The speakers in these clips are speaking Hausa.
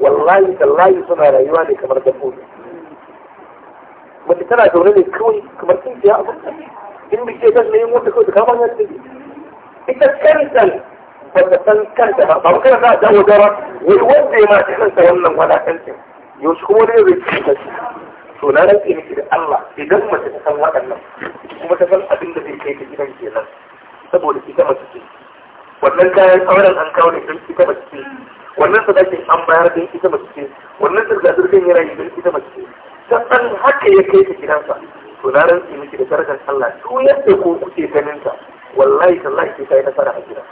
wallahi tallahi suna rayuwa ne kamar dabbobi mace tana zaune ne kawai kamar tsintiya a in bishe ta ne neman wata kawai da kamar ya ce ita kanta ba ta san kanta ba ba kana za a dawo gara wai wanda ya mace kanta wannan wadatancin yau su kuma wani zai ci ta to na rantse miki da Allah idan mace ta san waɗannan kuma ta san abin da zai kai ta gidan kenan saboda ita mace ce wannan kayan auren an kawo da idan ita mace ce wannan sadakin an bayar da ita mace ce wannan zirga da yana yi don ita mace ce sannan haka ya kai ta gidansa to na rantsi miki da darajar Allah to yadda ko kuke ganin ta wallahi tallahi ke kai nasara a gida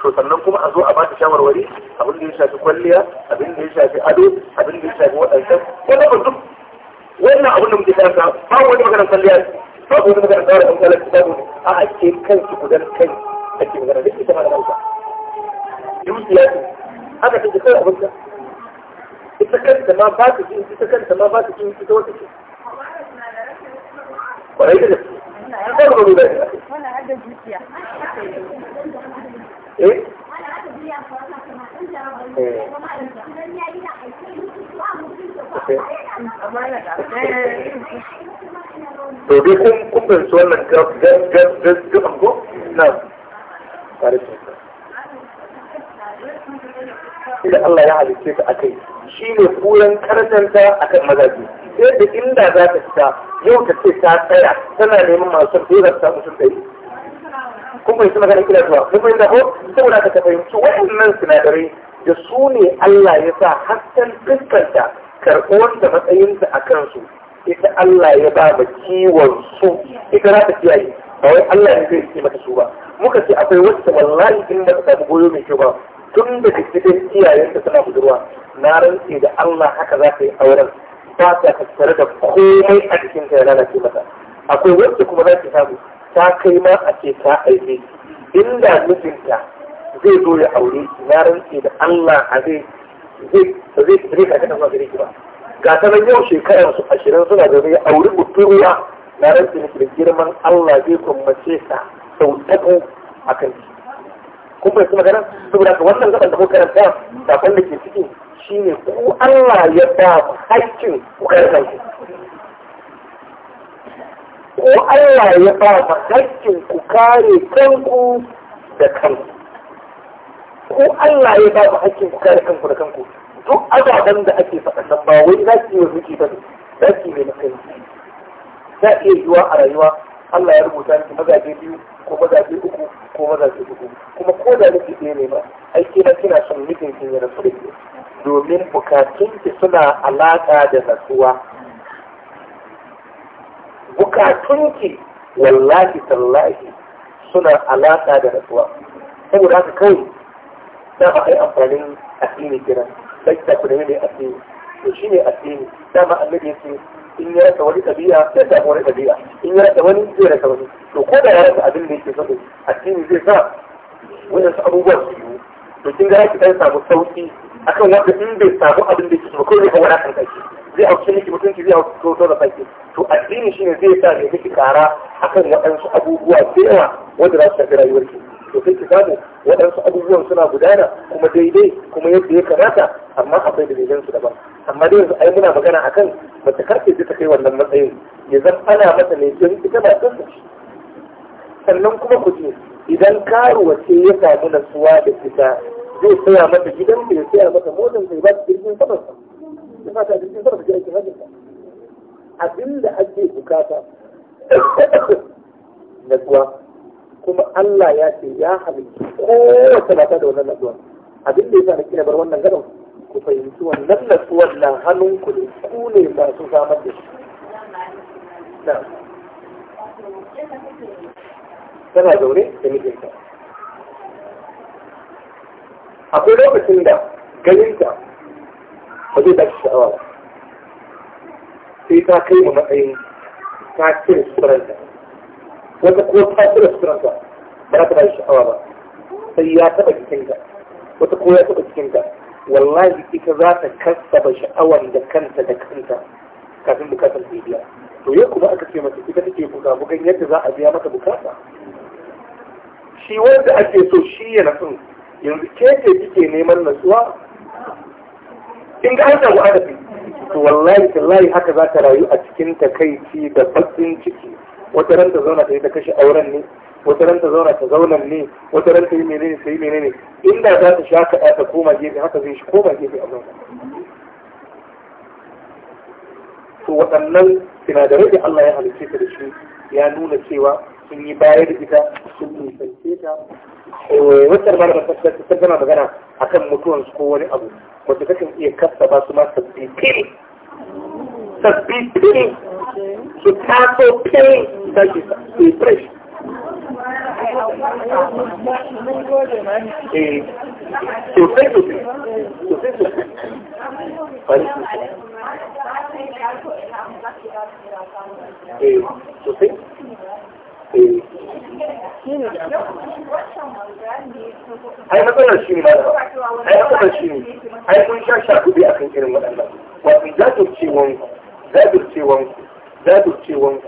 to sannan kuma a zo a bata shawarwari abin da ya shafi kwalliya abin da ya shafi ado abin da ya shafi waɗancan wannan ba duk wannan abin da muke karanta ba wani maganar kwalliya ba wani magana tsara ɗan kwalar ba a ake kanki gudan kanki ake magana da ita malamar sa dukiya ce haka take kawai abin ta ita kanta ma ba ta jin ita kanta ma ba ta jin ita wata ce kwarai da gaske kar ba rubuta ne wannan hada dukiya eh to dai kun kun bin wannan gab gab gab gab ko na da Allah ya halitta ta akai shi ne furan karantanta akan mazaji sai da inda za ta fita yau ta ce ta tsaya tana neman masu ɗora ta mutum ɗari kuma yanzu magana kira zuwa mun fahimta ko saboda ka fahimci waɗannan sinadarai da su ne Allah ya sa hasken fuskanta karɓuwar da matsayinta a kansu ita Allah ya ba ba kiwon su ita za ta kiyaye ba wai Allah ya zai yi mata su ba muka ce akwai wacce wallahi in da suka goyo mai kyau ba tun da cikin iyayenta suna budurwa na rantse da Allah haka za ta yi auren ba ta tattare da komai a cikin ta yana ce mata akwai wacce kuma za ta samu ta kai ma a ce ta aike inda mijinta zai zo ya aure na rantse da Allah a zai zai zai ka kada ma gare ki ba ga ta nan yau shekarar su ashirin suna da zai auri budurwa na rantse da girman Allah zai ce ta sau uku a kan shi kun bai su magana saboda ka wannan gaban da kuka rasa sakon da ke ciki shine ku Allah ya ba ku haƙƙin ku karɓar shi ko Allah ya ba ku haƙƙin ku kare kanku da kanku ko Allah ya ba ku haƙƙin ku kare kanku da kanku duk azaban da ake faɗa nan ba wai za ki yi wa zuci ba ne za ki yi mai matsayi za iya yiwa a rayuwa Allah ya rubuta ki mazaje biyu ko mazaje uku ko mazaje uku kuma ko da nake ɗaya ne ba ai kina kina son mijin kin ya rasu da ke domin bukatun ki suna alaƙa da natsuwa bukatun ki wallahi tallahi suna alaƙa da natsuwa saboda haka kawai da ba a yi amfanin addini kiran sai ta kuma ne addini to shine addini dama annabi yake in ya rasa wani ɗabi'a ya samu wani ɗabi'a in ya rasa wani zai rasa wani to ko da ya rasa abin da yake so addini zai sa wannan abubuwan su yiwu to kin ga yaki dan samu sauki akan wanda in bai samu abin da yake so ko zai kawo na kanka zai auki miki mutunci zai auki to da kanki to addini shine zai sa ne miki kara akan waɗansu abubuwa da yawa wanda za su tafi rayuwarki to sai ki samu waɗansu abubuwan suna gudana kuma daidai kuma yadda ya kamata amma akwai dalilan su daban amma dai yanzu ai muna magana akan mace karfe ta kai wannan matsayin ya zan ana mata ne don ita ba ta sannan kuma ku je idan karuwa ce ya samu nasuwa da ita zai saya mata gidan ya saya mata motar sai ba ta jirgin saman sa ya ba ta jirgin saman sa jirgin hajjin abin abinda ake bukata nasuwa kuma Allah ya ce ya halitta kowace mata da wannan nasuwa abinda ya sa na kira bar wannan gadon ku fahimci wannan natsuwan nan hannun ku ne ku ne masu samar da shi tana zaune da mijinta akwai lokacin da ganinta ba zai dace sha'awa sai ta kai mu matsayin ta cire suturanta wata kuma ta cire suturanta ba za ta tashi sha'awa ba sai ya taɓa jikinta wata kuma ya taɓa jikinta wallahi ita za ta kasaba sha'awar da kanta da kanta kafin bukatar ta biya to ya kuma aka ce mata ita take buga bugan yadda za a biya mata bukata shi wanda ake so shi ya nasu yanzu ke ce kike neman nasuwa in ga an samu adabi to wallahi tallahi haka za ta rayu a cikin takaici da bakin ciki wata ran ta zauna ta yi ta kashe auren ne وتلنت زورا تزولا لي وتلنت يمينيني لي إلا ذات شاكة أتكوما جيبي حتى زيش كوما جيبي أمام سوى أنن سنا دريد الله يحل سيطة الشيء يا نون السيوى سن يباير إذا سن يسنسيتا وستر مرة فتسلت تبنا بغنا أكم مطوان سكواني أبو وتفكم إيه كفتا باسما تبديكيني تبديكيني سكاكو كيني تبديكيني sosai sosai sosai sosai sosai ai matsalar shi ne ai matsalar shi ne ai kun sha sha kuɗi akan irin waɗannan wato jajircewanku jajircewanku jajircewanku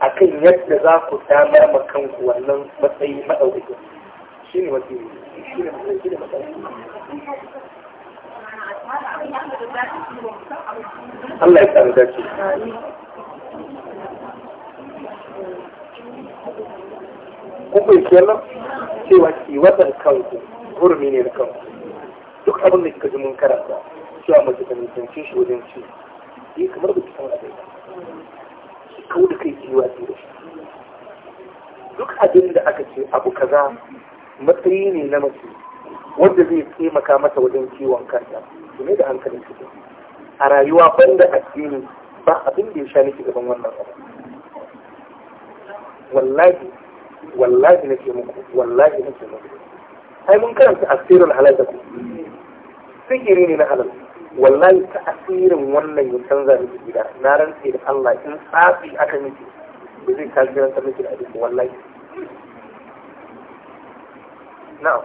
A kan yadda za ku dama ma kanku wannan matsayi maɗaukakin shi ne wasiri shi ne da matsayi Allah ya samu dace kun bai nan cewa kiwatar kanku hurumi ne da kanku duk abin da kika ji mun karanta cewa mace ta nisanci shi wajen ci yi kamar da kisan abin kau da kai kiwa ce da shi duk abin da aka ce abu kaza matsayi ne na mace wanda zai taimaka mata wajen kiwon kanta ne da hankalin cikin a rayuwa banda addini ba abin da ya sha nake gaban wannan abu wallahi wallahi nake muku wallahi nake muku Ai mun karanta asirin halal da ku sihiri ne na halal wallahi ta asirin wannan ya canza miki gida na rantse da Allah in tsafi aka miki ba zai kaji ranta miki da abin wallahi na'am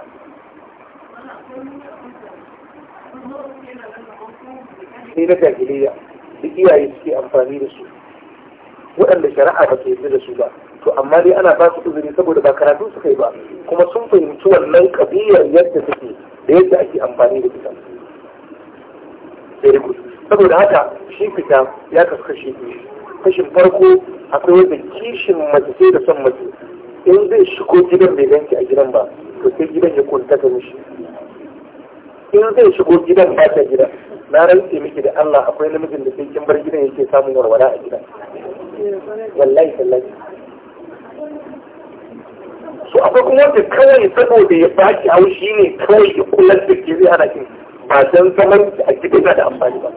sai na jahiliya duk iyaye suke amfani da su waɗanda shari'a ba ta yi da su ba to amma dai ana ba su uzuri saboda ba karatu suka yi ba kuma sun fahimci wannan kabiyar yadda take da saboda haka shi fita ya kasu kashi kashin farko akwai wanda kishin mace sai da son mace in zai shigo gidan bai ganki a gidan ba to sai gidan ya kunta ta mishi in zai shigo gidan ba ta gidan na rantse miki da Allah akwai namijin da sai kin bar gidan yake samun warwara a gidan wallahi wallahi su akwai kuma wanda kawai saboda ya baki haushi ne kawai ya kullar da ke zai hana kin ba san zaman a cikin da amfani ba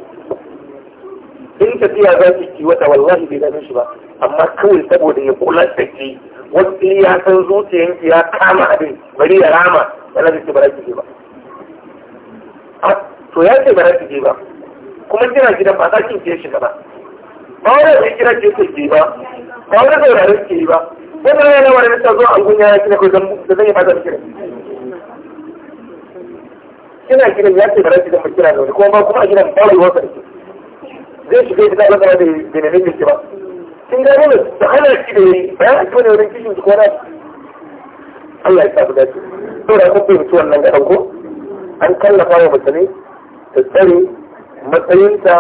in tafiya za su ki wata wallahi bai gane shi ba amma kawai saboda ya kula da ke wasu ya san zuciyanki ya kama abin bari ya rama yana da ce ki je ba to ya ce ba ki ba kuma kina gidan ba za ki ke shiga ba ba wani da kira ke ke ke ba ba wani da wani ke ba wani yana wani ta zo a gunya ya kina ko zan da zai yi ba da kira ina gidan ya ce ba zai gidan kira da wani kuma ba kuma a gidan ba ruwansa da shi zai shiga gida ba zama da benemin da shi ba sun gano da da hana shi da yi bayan a cikin wurin kishin su kwana Allah ya sabu dace to da kuma fahimci wannan gaban ko an kallafa wa mutane ta tsare matsayinta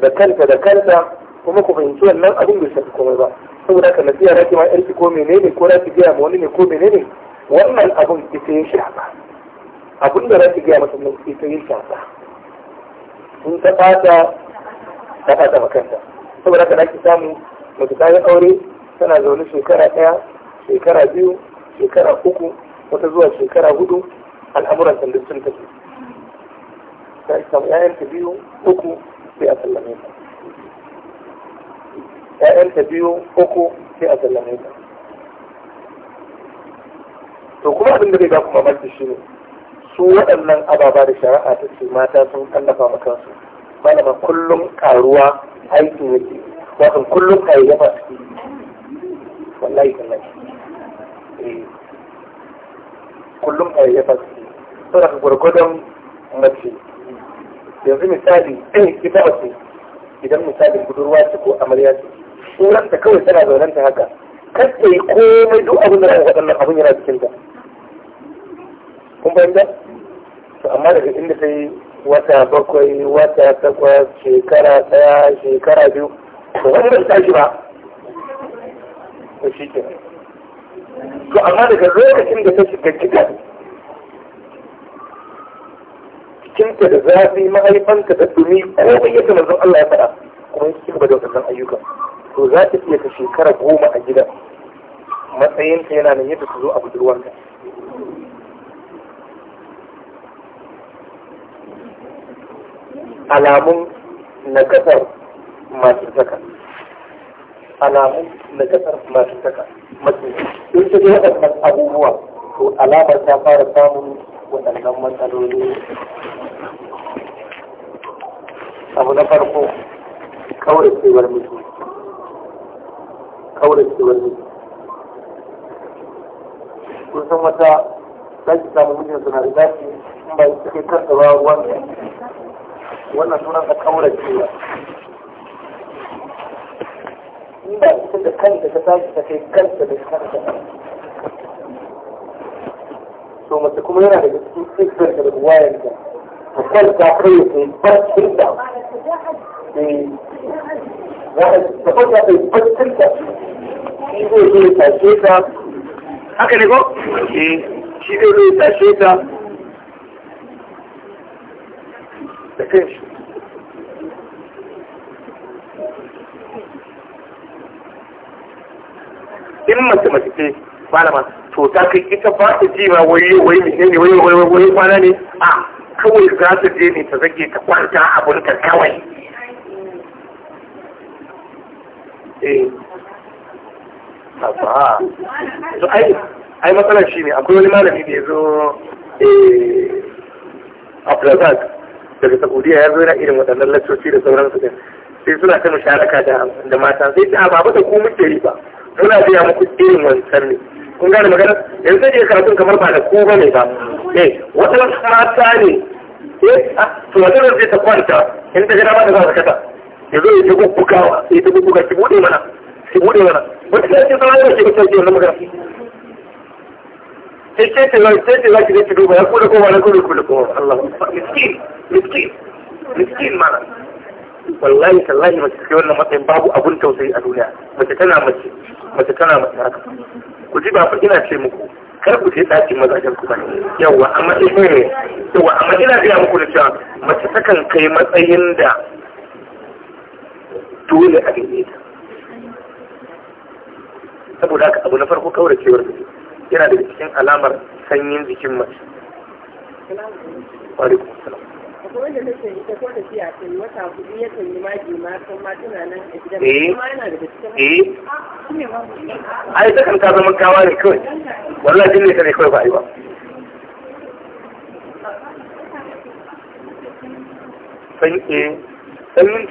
da kanta da kanta kuma ku fahimci wannan abin bai shafi komai ba saboda haka nasiya na ke ma yarki ko menene ko na ki gaya ma wani ne ko menene wannan abin ita ya shafa abin da rafi gaya masa nan ita yin tsatsa in ta fata ta fata makanta saboda haka ki samu mace ta yi aure tana zaune shekara ɗaya shekara biyu shekara uku wata zuwa shekara hudu al'amuran sanduk sun ce ta yi samu ‘ya'yanta biyu uku sai a sallame ta ‘ya'yanta biyu uku sai a sallame ta to kuma abin da bai ga kuma mace shi ne su waɗannan ababa da shari'a ta ce mata sun tallafa ma kansu malama kullum karuwa aiki yake wato kullum kayyafa suke wallahi tallahi eh. kullum kayyafa suke to da gurgudun mace yanzu misali ɗin eh, ita ce idan misali budurwa ce ko amarya ce Su ta kawai tana zaunen ta haka kar ta yi komai duk abin da waɗannan abin yana cikin ta kun fahimta amma daga inda ta yi wata bakwai wata takwas shekara daya shekara biyu to wani ba ta shi ba to shi ke to amma daga lokacin da ta shiga gidan cikinta da zafi mahaifanta da dumi komai yadda manzon Allah ya faɗa kuma ya cikin da waɗannan ayyuka to za ta iya ta shekara goma a gidan matsayinta yana nan yadda ta zo a budurwarka alamun na kasar masu saka alamun na kasar masu saka masu in ta yi waɗannan abubuwa to alamar ta fara samun waɗannan matsaloli abu na farko kawai tsewar mutu kawai tsewar mutu kun san wata za ki samu mutu suna da zafi ba su ke karsa ruwan wannan sunan ka kauracewa in ba ita da kanta ta tashi ta kai kanta da kanta to mace kuma yana da cikin cikin da wayar da ta kwanta kai ya kai barcin da ta eh. ta kai barcin da shi zai zo ya tashe ta haka ne ko? Eh. shi zai zo tashe ta da kanshi mace mace ce malama to ta kai ita ba ta ji ma wai wai ne ne wai wai wai kwana ne a kawai za ta je ne ta zage ta kwanta abun ta kawai eh ba to ai ai matsalar shi ne akwai wani malami da ya zo eh Abdulrazak daga Saudiya ya zo yana irin waɗannan laccoci da sauransu din sai suna ta musharaka da mata sai ta ba ba da ta muke ba muna biya muku irin wancan ne kun gane magana yanzu je karatun kamar ba da ku ba ne ba eh wata mata ne eh to wata zai ta kwanta in ta gida ba ta za ta kata yanzu ya ta guggugawa ya ta gugguga ki bude mana ki bude mana wata ta ce sauran yau ke kusa ke wannan magana sai ce ce zai ce zai ki zai ki duba ya kuda kowa na kuda kuda kowa Allah miskin miskin miskin mana wallahi tallahi mace sai wannan matsayin babu abun tausayi a duniya mace tana mace mace tana mace haka ku ji ba ina ce muku kar ku je ɗakin mazajen ku bane yawa amma eh, eh yawa amma ina ga muku da cewa mace takan kai matsayin da dole a gane ta saboda haka abu na farko kawar cewar yana daga cikin alamar sanyin jikin mace. Wa alaikum akwai wanda ta yi kan a gidan eh eh ah, ai ta kan zama kawai wallahi jinne ta ne kawai ba ai ba san eh sannan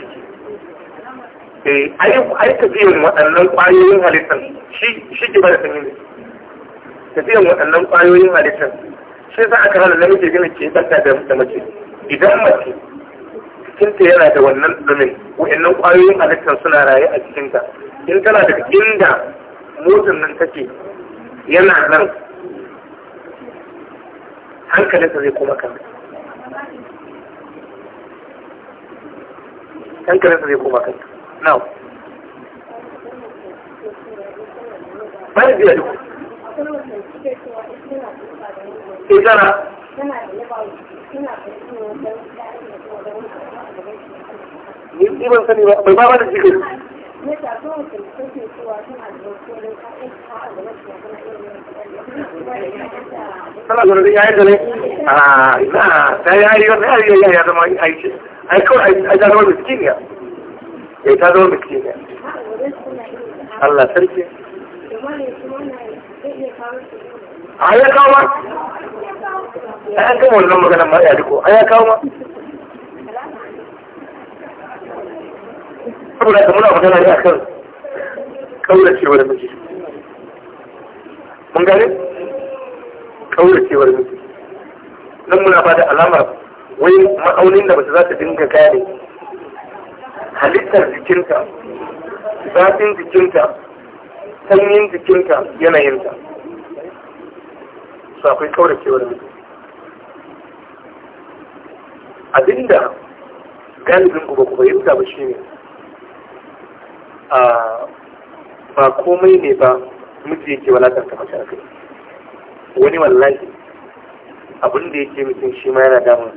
eh ai ai ta biyan waɗannan ƙwayoyin halittar shi shi ki da sanin ne ta biyan waɗannan ƙwayoyin halittar shi za a kara da namiji gina ke tsakka da mace idan mace cikinta yana da wannan tsamin wa'annan ƙwayoyin halittar suna raye a cikinta in tana daga inda motar nan take yana nan hankalinsa zai koma kan hankalinsa zai koma kan now bayan biya duk ita eh, na ni ban sani ba bai ma ba da shi kai tana zaune da yayin da ne a ah, ina ta yayi wani yayi yayi ya zama aiki ai kawai ai ta zama miskiniya ai eh, ta zama miskiniya Allah sarki a ya kawo a an kama wannan magana ma ya riko an ya kawo ma saboda ka muna magana ne akan kauracewa da miji mun gane kauracewa da miji nan muna ba da alamar wai ma'aunin da mace za ta dinga gane halittar jikinta zafin jikinta sanyin jikinta yanayinta su akwai da mutum abinda galibin ku ba ku fahimta ba shine ah, ba komai ne ba miji yake walakanta mace a kai wani wallahi abin da yake mutum shi ma yana damun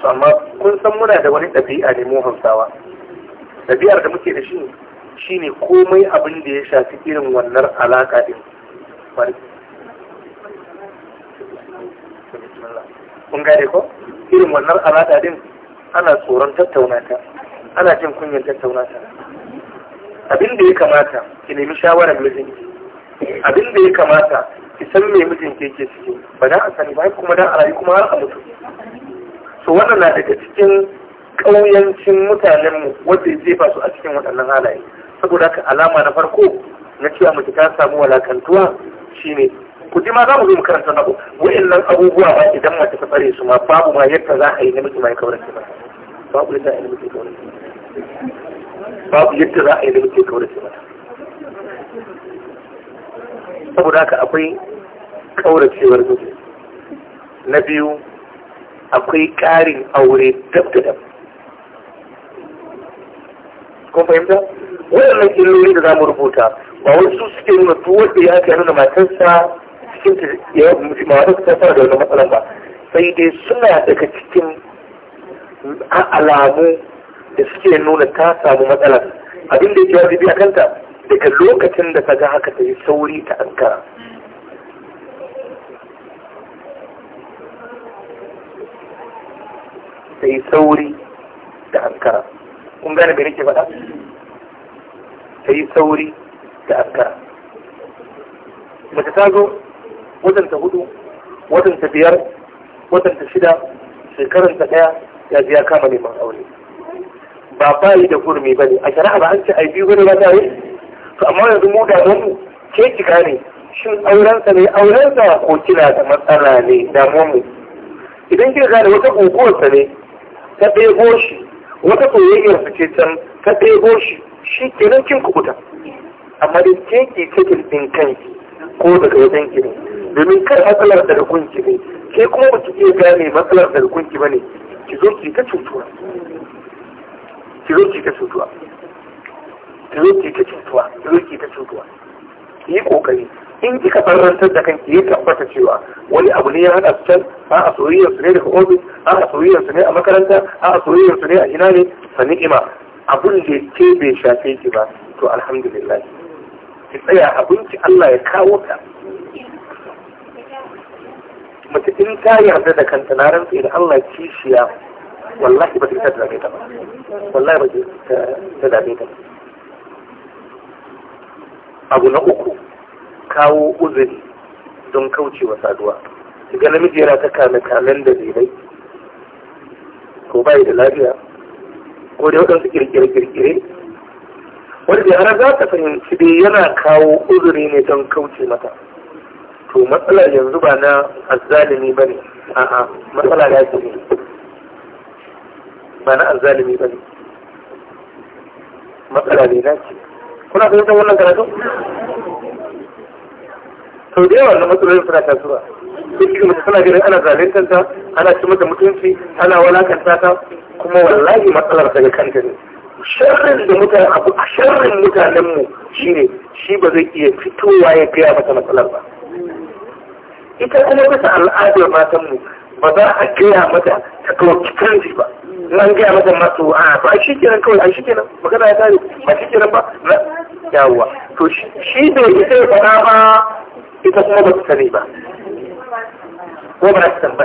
su amma kun san muna da wani ɗabi'a ne mu hausawa ɗabi'ar da muke da shi shine komai abin da ya shafi irin wannan alaƙa din kun gane ko irin wannan alaƙa din ana tsoron tattauna ta ana jin kunyar tattauna ta abin da ya kamata ki nemi shawarar mijinki abin da ya kamata ki san me mijinki yake ciki ba dan a sani ba kuma dan a rayu kuma har a mutu so wannan na daga cikin ƙauyancin mutanenmu wanda zai ba su a cikin waɗannan halaye saboda haka alama na farko na cewa mace ta samu walakantuwa shine ku ji ma za mu zo mu karanta na wa'annan abubuwa ba idan mace ta tsare su ma babu ma yadda za a yi na ma ya kaurar ba babu yadda za a yi namiji kaurar babu yadda za a yi namiji kaurar ba saboda haka akwai kauracewar miji na biyu akwai ƙarin aure dab da dab kun fahimta waɗannan illoli da za mu rubuta ba wasu suke nuna tuwo da ya ke nuna matarsa cikin su ya masu ta fara da wani matsalan ba sai dai suna daga cikin alamu da suke nuna ta samu matsala abin da yake wajibi biya kanta daga lokacin da ta ga haka ta yi sauri ta ankara ta yi sauri da ankara kun gane bai rike faɗa ta yi sauri da ankara mace ta zo watan ta hudu watan ta biyar watan ta shida shekaran ta daya ya ji ya kama neman aure ba bayi da gurmi bane a shari'a ba an ce ai biyu bane ba ta yi to amma yanzu mu da mu ke ki gane shin aurensa ne aurensa ko kina da matsala ne da mu idan kika gane wata sa ne ta ɗebo shi wata soyayyar su ce can ta ɗebo shi shi kenan kin kukuta amma dai ke ke cikin ɗin kanki ko daga wajen ki ne domin kar matsalar daga gunki ne ke kuma ba ki iya gane matsalar daga gunki ba ne ki zo ki ta cutuwa ki zo ki ta cutuwa ki zo ki ta cutuwa ki zo ki ta cutuwa ki yi kokari in kika farantar da kanki ya tabbata cewa wani abu ne ya hada su can a a soyayyar su ne daga ofis a a soyayyar su ne a makaranta a a soyayyar su ne a ina ne sani'ima abun da ke bai shafe ki ba to alhamdulillah ki tsaya abinci Allah ya kawo ta mace in ta yarda da kanta na rantsi idan Allah kishiya wallahi ba ta dame ta ba wallahi ba ta dame ta abu na uku kawo uzuri don kaucewa saduwa ga namiji yana ta kame kamen da zirai ko bai da lafiya ko da waɗansu kirkire-kirkire wanda yara za ta fahimci dai yana kawo uzuri ne don kauce mata to matsala yanzu ba na azzalimi ba ne a'a matsala ya ce ne ba na azzalimi ba ne matsala ne na ce kuna fahimtar wannan karatu sau da yawa na matsalolin suna kasuwa duk mutum suna ganin ana zaluntar ta ana ci mata mutunci ana walakanta ta kuma wallahi matsalar daga kanta ne sharrin da mutane abu a sharrin mutanenmu shine shi ba zai iya fitowa ya gaya mata matsalar ba ita kuma bisa al'adar matanmu ba za a gaya mata ta ɗauki kanji ba nan gaya mata masu a ba shi kenan kawai a shi kenan magana ya tare ba shi kenan ba na yawwa to shi da ita ya faɗa ba ita kuma ba ta sani ba ko ba ta san ba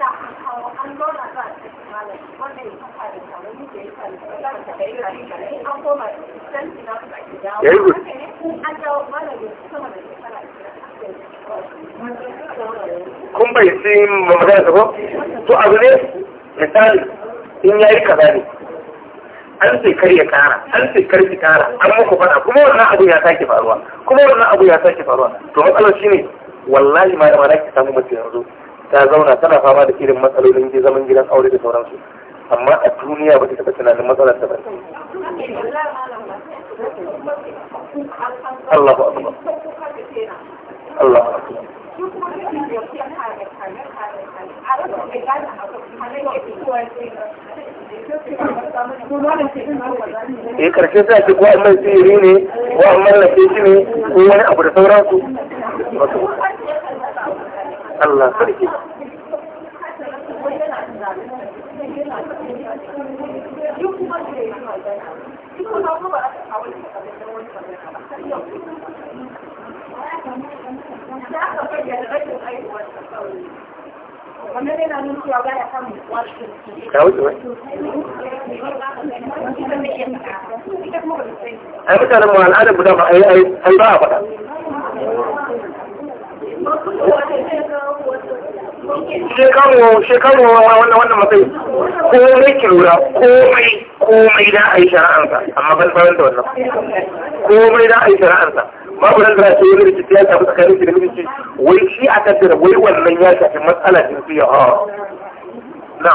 ya kun bai si mamadar da ba to abu ne misali in ya yi kaza ne an sai karya kara an sai karfi kara an muku fada kuma wannan abu ya sake faruwa kuma wannan abu ya sake faruwa to matsalar ne wallahi ma da ma ki samu mutum yanzu ta zauna tana fama da irin matsalolin da zaman gidan aure da sauransu amma a duniya ba ta taɓa tunanin matsalar ta ba Allahu akbar Allahu akbar eh karshe sai ake ko mai sihiri ne ko an mallake shi ne ko wani abu da sauransu Allah sarki wannan yana nuna cewa baya samun wasu ka wuce wai ai mutanen mu al'adar mu da ba ai ai ba a faɗa shekaru shekaru wannan wannan matsayi komai ki lura komai komai da a yi amma ban da wannan komai da a yi shara'ansa babu nan da za ta rikici ya shafi tsakanin shi da rikici wai shi a kaddara wai wannan ya shafi matsala jinsiya ha na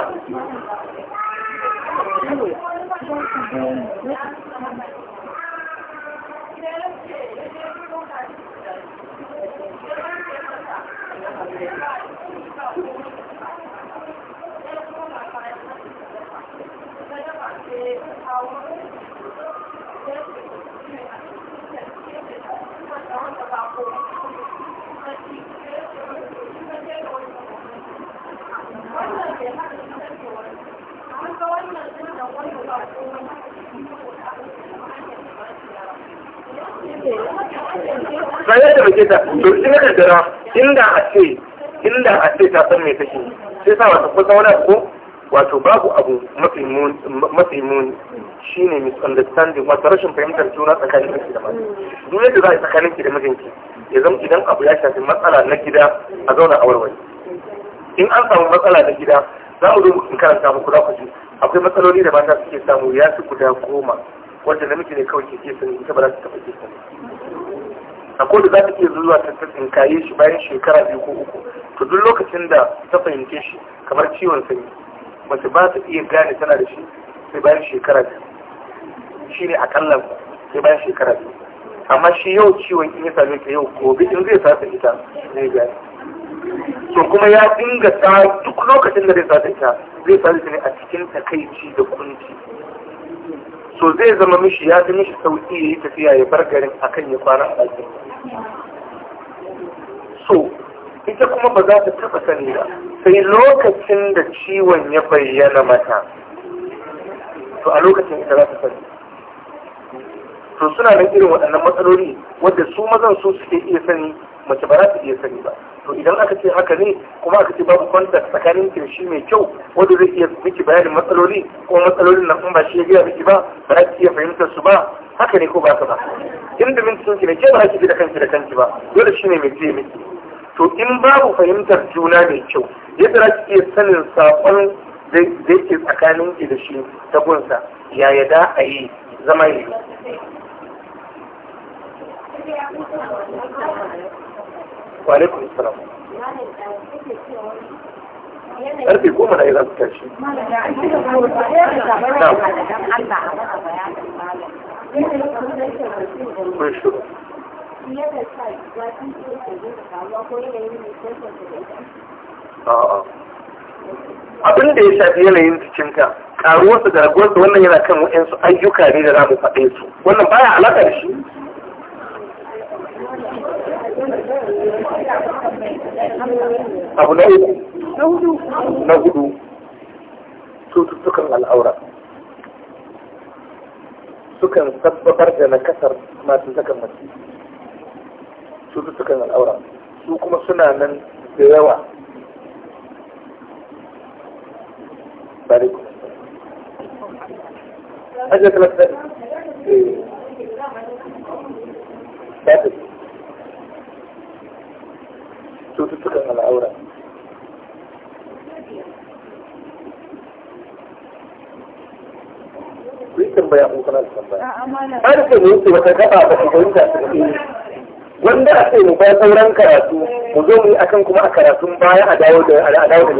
ba ya da bake ta to ina da dara inda a ce inda a ce ta san me take sai sa wato kusa wani abu wato babu abu mafi muni shi ne misunderstanding wato rashin fahimtar juna tsakanin ke da mata duk yadda za a yi tsakanin ki da mijinki ya zama idan abu ya shafi matsala na gida a zauna a warware in an samu matsala na gida za mu zo mu karanta muku za ku ji akwai matsaloli da mata suke samu ya fi guda goma wanda namiji ne kawai ke ke sani ita ba za su taɓa ke sani sako da za ta iya zuwa ta tsinkaye shi bayan shekara biyu ko uku to duk lokacin da ta fahimce shi kamar ciwon sanyi mace ba ta iya gane tana da shi sai bayan shekara biyu shi ne akalla sai bayan shekara biyu amma shi yau ciwon in ya same ta yau gobe in zai sata ita zai gane to kuma ya dinga ta duk lokacin da zai sata ita zai sata ita ne a cikin takaici da kunci to zai zama mishi ya fi mishi sauki ya yi tafiya ya bar garin akan ya kwana a ɗakin so ita kuma ba za ta taɓa sani ba sai lokacin da ciwon ya bayyana mata to a lokacin ita za ta sani to suna nan irin waɗannan matsaloli wadda su mazan su suke iya sani mace ba za ta iya sani ba to idan aka ce haka ne kuma aka ce babu kwanta tsakanin ki shi mai kyau wanda zai iya miki bayanin matsaloli ko matsalolin nan in ba shi ya gaya miki ba ba za ki iya fahimtar su ba haka ne ko ba ka ba in da min ki ne ke ba za ki da kanki da kanki ba dole shi ne mai tsaye miki to in babu fahimtar juna mai kyau yadda za ki iya sanin saƙon zai ke tsakanin ki da shi ta gunsa yaya da a yi zama yi wa goma na za su abin da ya shafi yanayin cikinka karuwarsa da raguwarsa wannan yana kan wa'yansu ayyuka ne da za mu faɗe su wannan baya alaƙa da shi abu na hudu na hudu cututtukan al'aura sukan sabbabar da na kasar masu zakan mace cututtukan al'aura su kuma suna nan da yawa bari kuma ajiyar talatar eh. da ta cututtukan al'aura kuyi Har ne yake wata gaba ba ta fahimta ta wanda a ce mu ba sauran karatu mu zo mu yi akan kuma a karatun baya a dawo da a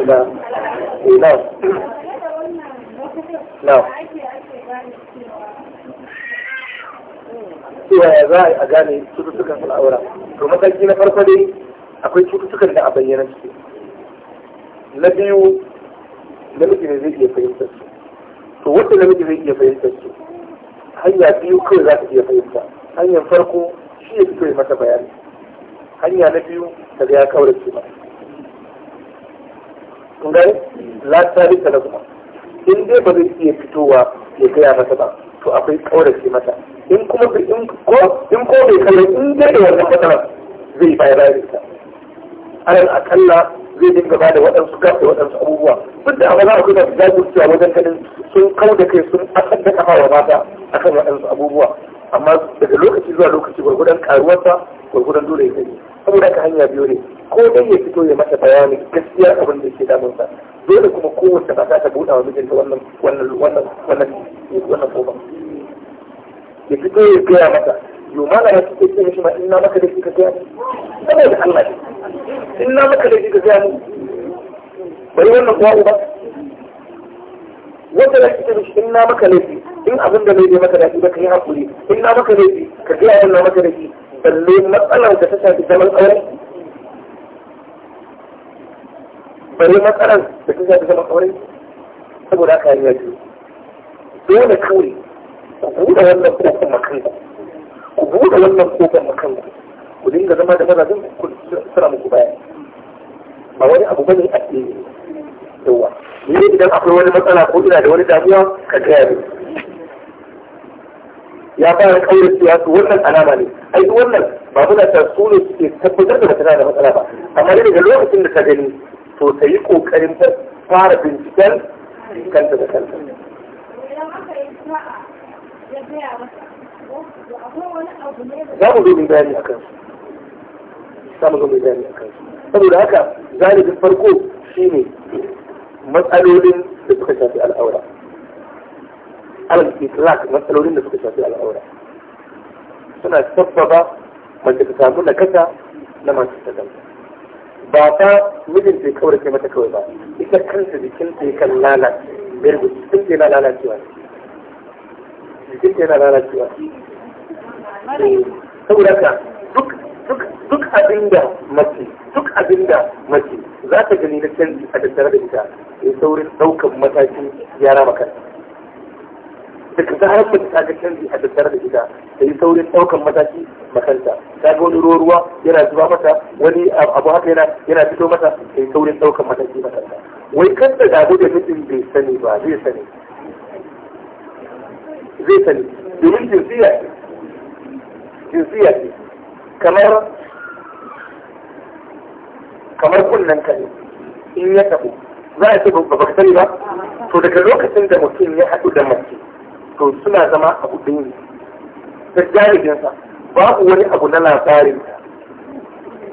na na eh, za a gane cututtukan al'aura to mataki na farko akwai cututtukan da a bayyana su na biyu namiji ne zai iya fahimtar su to wanda namiji zai iya fahimtar su hanya biyu kawai za ta iya fahimta hanyar farko shi ya fito ya mata bayani hanya na biyu ta ga ya kawar su ba kun gani ta na in dai ba zai iya fitowa ya gaya mata ba to akwai su mata in kuma in ko in ko bai kallon in dai da wannan matsalar zai bayar da ita alal akalla zai dinga ba da waɗansu gas da waɗansu abubuwa duk da ba za a kuma jajircewa wajen ganin sun kau da kai sun asar da kafa wa mata akan waɗansu abubuwa amma daga lokaci zuwa lokaci gwargwadon karuwarsa gwargwadon dole ya gani saboda ka hanya biyu ne ko dai ya fito ya mata bayani gaskiya abin da ke damunsa dole kuma kowace mata ta buɗa wa mijinta wannan wannan wannan wannan wannan kofa ya fito ya gaya mata yo malama su ke ce mishi ma ina maka da shi ka gaya saboda da Allah ne ina maka da shi ka gaya mu bari wannan kuwa uba wanda da shi mishi ina maka laifi in abin da laifi maka daɗi ba ka yi hakuri ina maka laifi ka gaya ina maka da shi balle matsalar da ta shafi zaman aure bari matsalar da ta shafi zaman aure saboda haka yi ya dole kawai ku da wannan kofin makanku ku buɗe wannan kofar a kanku ku dinga zama da mazajen ku suna muku baya ba wani abu bane a ɗaya yawa ni idan akwai wani matsala ko ina da wani damuwa ka gaya ne. ya fara kaure cewa su wannan alama ne ai wannan ba muna ta su ne suke tabbatar da tana da matsala ba amma ne daga lokacin da ta gani to ta yi kokarin fara binciken kanta da kanta. ya gaya masa za mu zo mai bayani a kansu za mu zo mai bayani a saboda haka zalibin farko matsalolin da suka shafi al'aura alal itlaq matsalolin da suka shafi al'aura suna sabbaba mace ta samu nakasa na masu ta ba fa mijin ta kawar mata kawai ba ita kanta jikin ta kan lalace birgu jikin ta na lalacewa jikin ta yana lalacewa saboda ka duk duk abinda mace duk da mace za ta gani na canji a tattare da ita ya saurin daukan matakin yara maka kanta daga zarar mace ta ga canji a tattare da ita ta yi saurin ɗaukan mataki makanta ta ga wani ruwa yana zuba mata wani abu haka yana yana fito mata ta yi saurin ɗaukan mataki makanta wai kan da gado da mijin bai sani ba zai sani zai sani domin jinsiya jinsiya ce kamar kamar kunnen ka ne in ya tabu za a ce ba ba sani ba to daga lokacin da mutum ya haɗu da mace to suna zama abu ɗaya ne da jaribinsa babu wani abu na labarin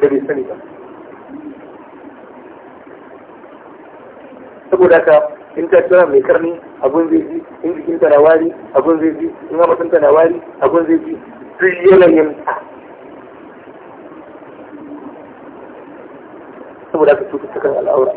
da bai sani ba saboda ka in ta tura mai karni abun zai ji in jikin ta na wari abun zai ji in hamatun ta na wari abun zai ji duk yanayinsa saboda ka cututtukan al'aura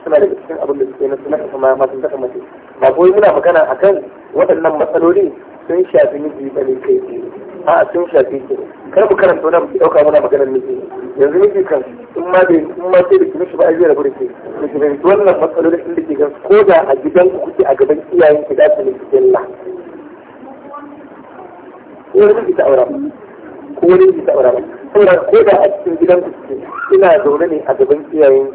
suna daga cikin abin da suke na suna kuma masu daga mace ba ko muna magana kan waɗannan matsaloli sun shafi miji ba ne kai tsaye a sun shafi ke kar ku karanta wani mu ɗauka muna maganar miji yanzu miji kan in ma bai in ma sai da ki mishi ba a zai rabu da ke da ki wannan matsaloli da ke gan ko da a gidan ku kuke a gaban iyayen ki da su ne ki ko wani bai ta aura ba ko wani bai ta aura ba saboda ko da a cikin gidan ku kina zaune ne a gaban iyayen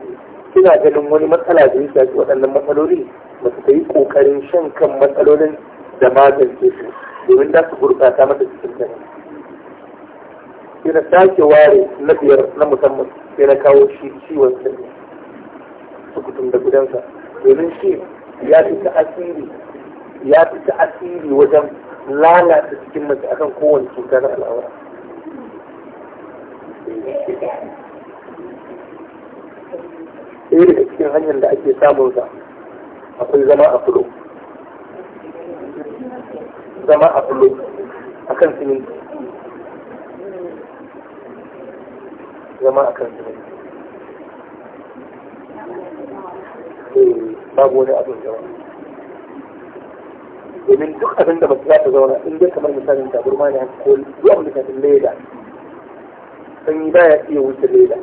kina ganin wani matsala da ya shafi waɗannan matsaloli ba su yi ƙoƙarin shan kan matsalolin da magance su domin za su gurɓata mata cikin ta sai na sake ware na biyar na musamman sai kawo shi ciwon sirri sukutum da gudansa domin shi ya fi ta'asiri ya fi ta'asiri wajen lalata cikin mace akan kowane cuta na al'aura ɗaya daga cikin hanyar da ake samun sa akwai zama a fulo zama a fulo a kan siminti zama a kan siminti eh, babu wani abin zama domin duk abin da mace za ta zauna in dai kamar misalin taburma ne ko duk abin da leda sanyi baya iya wuce leda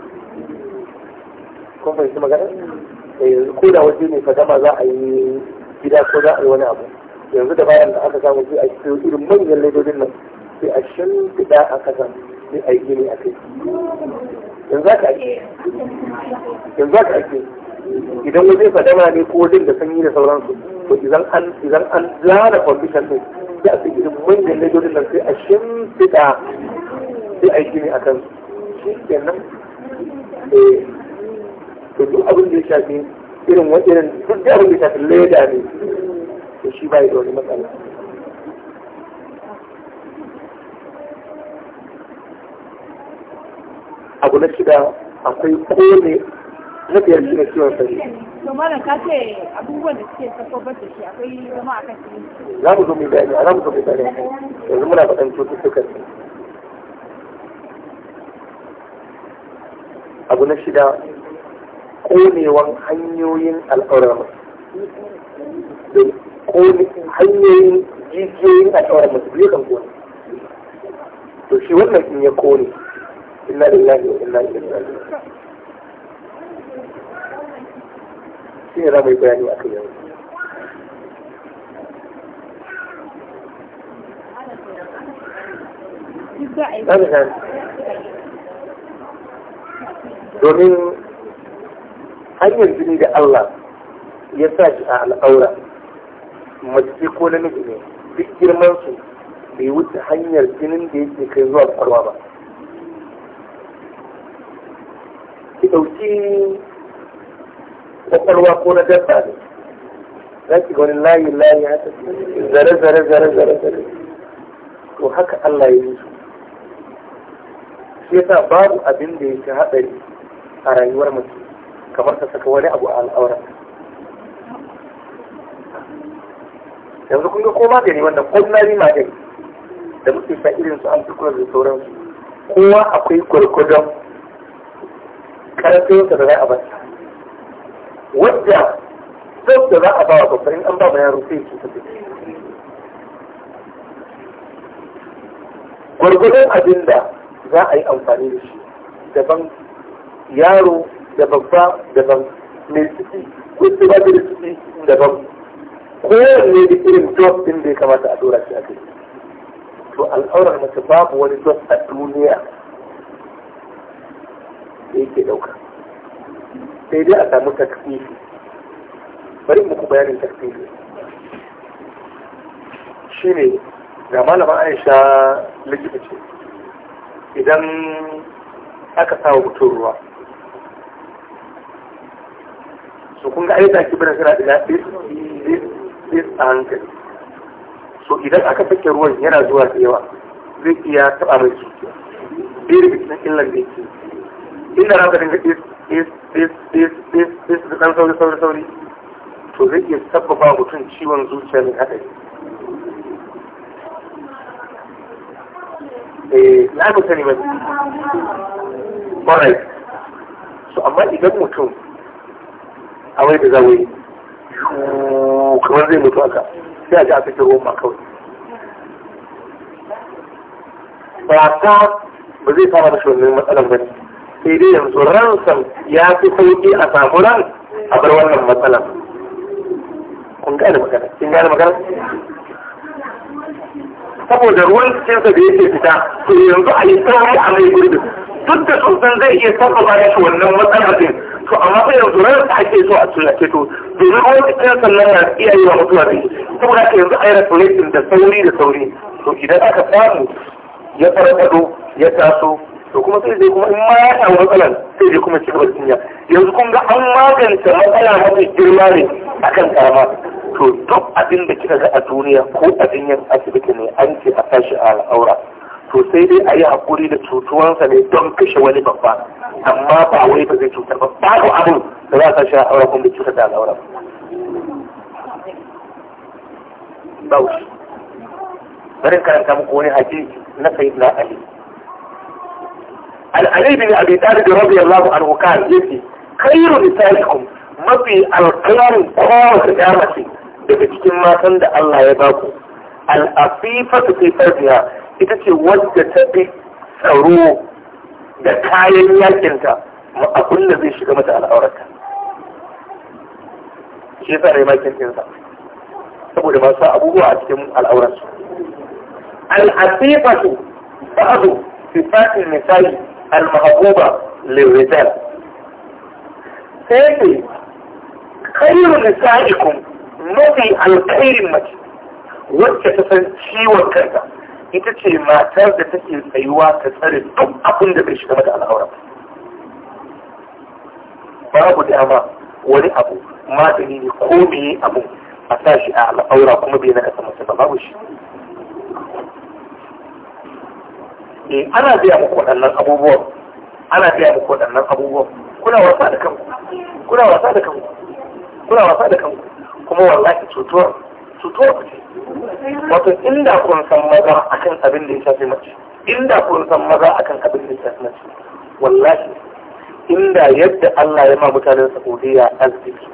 kun fahimci magana eh, ko da waje ne fadama za a yi gida ko za a yi wani abu yanzu da bayan da aka samu sai a cikin irin manyan ledodin nan sai a shimfiɗa a kasan sai a yi gini a kai yanzu aka ake yanzu aka ake idan waje dama ne ko din da sanyi da sauransu to idan an idan an lara condition din sai a cikin manyan lejodin nan sai a shimfiɗa sai a yi gini a kan shi kenan eh, to duk abin da ya shafi irin wa'irin duk da abin da ya shafi leda ne to shi ba da wani matsala abu na shida akwai kone na biyar shi ciwon sani to ka ce abubuwan da suke tabbatar da shi akwai zama a kan za mu zo mu bayani za mu zo mu bayani yanzu muna faɗan cututtukan abu na shida konewan hanyoyin al'aurar mutum hanyoyin jijiyoyin al'aurar mutum biyu kan kone to shi wannan in ya kone inna lillahi wa inna ilaihi raji'un shi ne za mu bayani a kai domin hanyar jini da Allah ya sa shi a al'aura mace ko miji ne duk girman su bai wuce hanyar jinin da yake kai zuwa farwa ba ki ɗauki kwakwalwa ko na dabba ne za ki wani layi layi haka zare zare zare zare zare to haka Allah ya yi su shi yasa babu abin da yake haɗari a rayuwar mutum kamar ka saka wani abu a al'aura yanzu kun ga ko magani na ordinary magani da muke sa irin su anticulus da sauransu kowa akwai gwargwadon karfin sa da za a bata wadda sau da za a ba wa babba an ba ma yaro sai su tafi gwargwadon abin da za a yi amfani da shi daban yaro da babba daban mai ciki ko da ba da ciki daban kowanne da irin job din da ya kamata a dora shi a kai to al'aurar mace babu wani job a duniya da yake ɗauka sai dai a samu takfifi bari muku bayanin takfifi ne ga malama aisha likita ce idan aka sawa mutum ruwa so kun ga da kibira suna ina ɗin a hankali so idan aka sake ruwan yana zuwa da yawa zai iya taɓa mai zuciya ɗaya da cikin illan da yake inda na ka dinga ɗin is is is is is da ɗan sauri sauri sauri to zai iya sabbaba mutum ciwon zuciya mai haɗari eh na mu ne. mai alright so amma idan mutum a wai da zawai kamar zai mutu aka sai a ji a cikin roma kawai ba ta ba zai fara da shi wannan matsalar ba ne sai dai yanzu ransan ya fi sauki a samu ran a bar wannan matsalan kun gane magana kin gane magana saboda ruwan cikinsa da yake fita to yanzu a yi sauri a mai gurbin duk da tsotsan zai iya sarrafa ya shi wannan matsala din to amma sai yanzu ran da ake so a tuna ce to domin ruwan cikin sannan na iya yi wa mutuwa da saboda haka yanzu a yi restoration da sauri da sauri to idan aka samu ya farfado ya taso to kuma sai dai kuma in ma ya samu matsalar sai dai kuma cigaba da jinya yanzu kun ga an magance matsala mafi girma ne akan karama to duk abin da kika ga a duniya ko a jinyar asibiti ne an ce a tashi a al'aura to sai dai a yi haƙuri da cutuwansa ne don kashe wani babba amma ba wai ba zai cutar ba ko abin da za a tashi a aura kuma da cutar da al'aura bari karanta muku wani hadisi na sayyidina ali al'ali bin abi talib radiyallahu anhu kan yace khairu nisaikum mafi alkhairin kowace ya mace daga cikin matan da Allah ya baku al'afifatu fi farjiha ita ce wadda ta bi tsaro da kayan yakinta ma abin da zai shiga mata al'aurata shi yasa rai yi kinsa saboda masu abubuwa a cikin al'auransu al'afifatu ba'adu sifatin misali المغبوبة للرسالة سيدي خير نسائكم نبي الخير مكي وكتفن شيوة كذا انت تشي ما ترد تشي سيوا كسر الدم اقل ده بيش كمدى على اورا بابو دي اما ولي ابو ما تنيني قومي ابو اتاشي اعلى اورا كما بينا اسمه سيبا بابو شي eh ana biya muku waɗannan abubuwan ana biya muku waɗannan abubuwan kuna wasa da kanku kuna wasa da kanku kuna wasa da kanku kuma wallahi cutuwar cutuwar ku ce wato inda kun san maza akan abin da ya shafi mace inda kun san maza akan abin da ya shafi mace wallahi inda yadda Allah ya ma mutanen Saudiya arziki